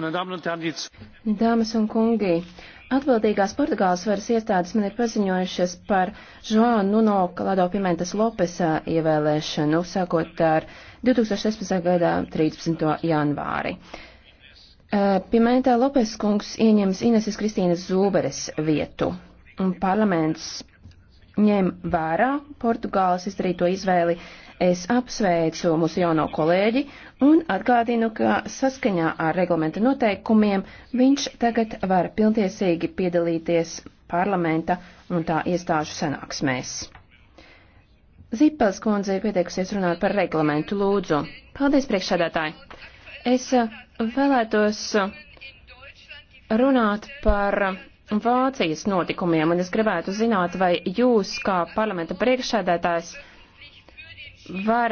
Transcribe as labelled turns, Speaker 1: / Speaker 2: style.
Speaker 1: Dāmas
Speaker 2: un kungi, atbildīgās Portugāles varas iestādes man ir paziņojušas par Joan Nuno Kalado Pimentas Lopesa ievēlēšanu, sākot ar 2016. gadā 13. janvāri. Pimentā Lopes kungs ieņems Ineses Kristīnas Zūberes vietu. Parlaments ņem vērā Portugāles izdarīto izvēli. Es apsveicu mūsu jauno kolēģi un atgādinu, ka saskaņā ar reglamenta noteikumiem viņš tagad var pilntiesīgi piedalīties parlamenta un tā iestāžu sanāksmēs. Zipels kundze ir pieteikusies runāt par reglamentu lūdzu. Paldies, priekšsēdētāji. Es eh, vēlētos eh, runāt par Vācijas notikumiem, un es gribētu zināt, vai jūs, kā parlamenta priekšsēdētājs,
Speaker 3: var